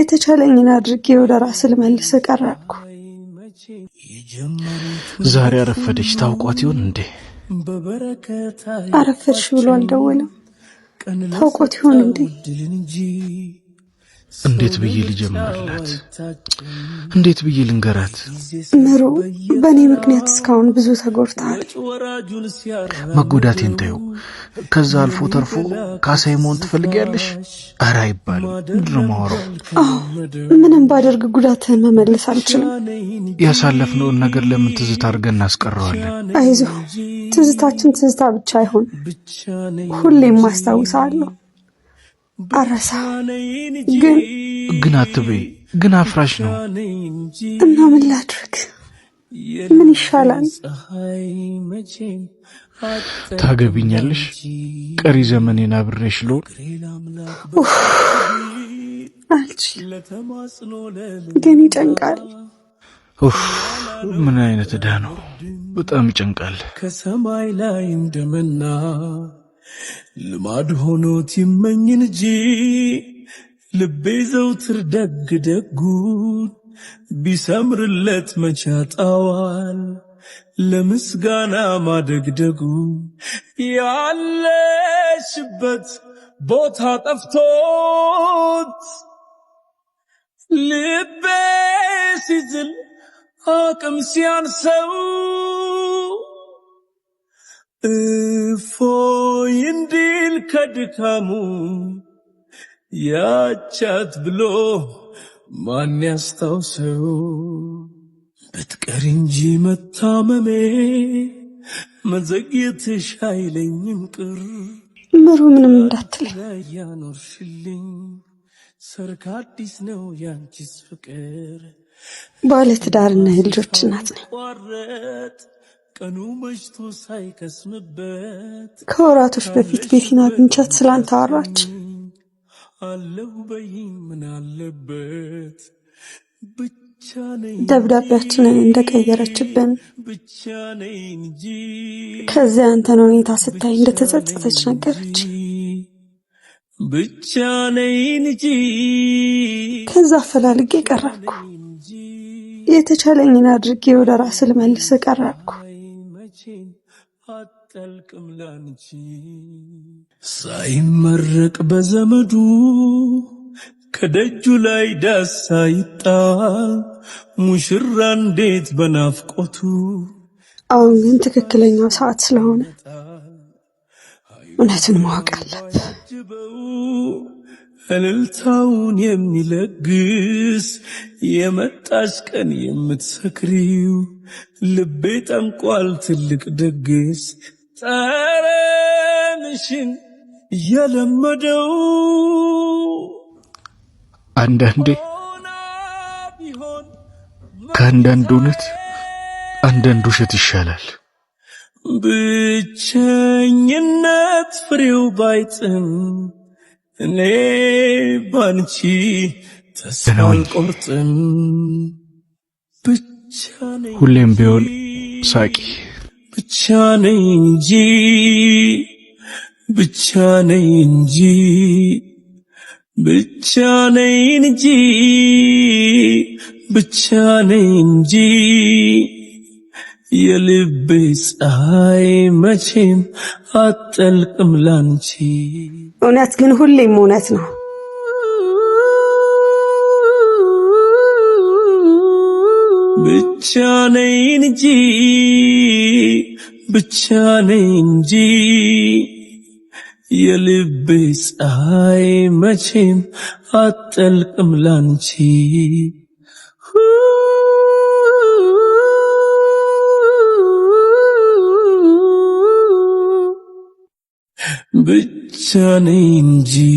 የተቻለኝን አድርጌ ወደ ራስ ልመልስ ቀረብኩ። ዛሬ አረፈደች። ታውቋት ይሆን እንዴ? አረፈድሽ ብሎ አልደወለም። ታውቋት ይሆን እንዴ? እንዴት ብዬ ልጀምርላት? እንዴት ብዬ ልንገራት? ምሩ፣ በእኔ ምክንያት እስካሁን ብዙ ተጎድተሃል። መጎዳቴን ተይው። ከዛ አልፎ ተርፎ ካሳይመሆን መሆን ትፈልጊያለሽ? ኧረ አይባልም። ምንድን ነው የማወራው? አዎ፣ ምንም ባደርግ ጉዳትህን መመለስ አልችልም። ያሳለፍነውን ነገር ለምን ትዝታ አድርገን እናስቀረዋለን? አይዞህ፣ ትዝታችን ትዝታ ብቻ አይሆን፣ ሁሌም ማስታውሳለሁ። አረሳ ግን ግን አትበይ። ግን አፍራሽ ነው እና ምን ላድርግ? ምን ይሻላል? ታገቢኛለሽ? ቀሪ ዘመኔን አብሬሽ ልሆን ግን ይጨንቃል። ምን አይነት ዕዳ ነው? በጣም ይጨንቃል። ከሰማይ ላይ እንደመና ልማድ ሆኖት ይመኝ እንጂ ልቤ ዘውትር ደግ ደጉን ቢሰምርለት መቻጣዋል ለምስጋና ማደግደጉ ያለሽበት ቦታ ጠፍቶት ልቤ ሲዝል አቅም ሲያንሰው እፎ አድኖኝ እንዲል ከድካሙ ያቻት ብሎ ማን ያስታውሰው ብትቀር እንጂ መታመሜ መዘግየትሽ አይለኝም ቅር ምሩ ምንም እንዳትለኝ ያኖርሽልኝ ሰርግ አዲስ ነው ያንቺስ ፍቅር ባለትዳርና ትዳርና የልጆች እናት ነኝ ከወራቶች በፊት ቤቲን አግኝቻት ስላንተ አወራች። ደብዳቤያችንን እንደቀየረችብን ከዚያ ያንተን ሁኔታ ስታይ እንደተጸጸተች ነገረች። ብቻ ነኝ እንጂ ከዛ አፈላልጌ ቀረብኩ። የተቻለኝን አድርጌ ወደ ራስ ልመልስ ቀረብኩ። አጠልቅም ላንቺ ሳይመረቅ በዘመዱ ከደጁ ላይ ዳሳ ሳይጣል ሙሽራ እንዴት በናፍቆቱ አሁን ግን ትክክለኛው ሰዓት ስለሆነ እውነቱን ማወቅ አለብህ። እልልታውን የሚለግስ የመጣች ቀን የምትሰክሪው ልቤ ጠምቋል ትልቅ ድግስ ጠረንሽን እያለመደው አንዳንዴ ከአንዳንድ እውነት አንዳንድ ውሸት ይሻላል። ብቸኝነት ፍሬው ባይጥም እኔ ባንቺ ተስፋ አልቆርጥም። ብቻ ነኝ ሁሌም ቢሆን ሳቂ። ብቻ ነኝ እንጂ ብቻ ነኝ እንጂ ብቻ ነኝ እንጂ ብቻ ነኝ እንጂ የልቤ ፀሐይ መቼም አጠልቅም ላንቺ። እውነት ግን ሁሌም እውነት ነው። ብቻ ነኝ እንጂ ብቻ ነኝ እንጂ የልቤ ፀሐይ መቼም አጠልቅም ላንቺ வெச்ச நெஞ்சி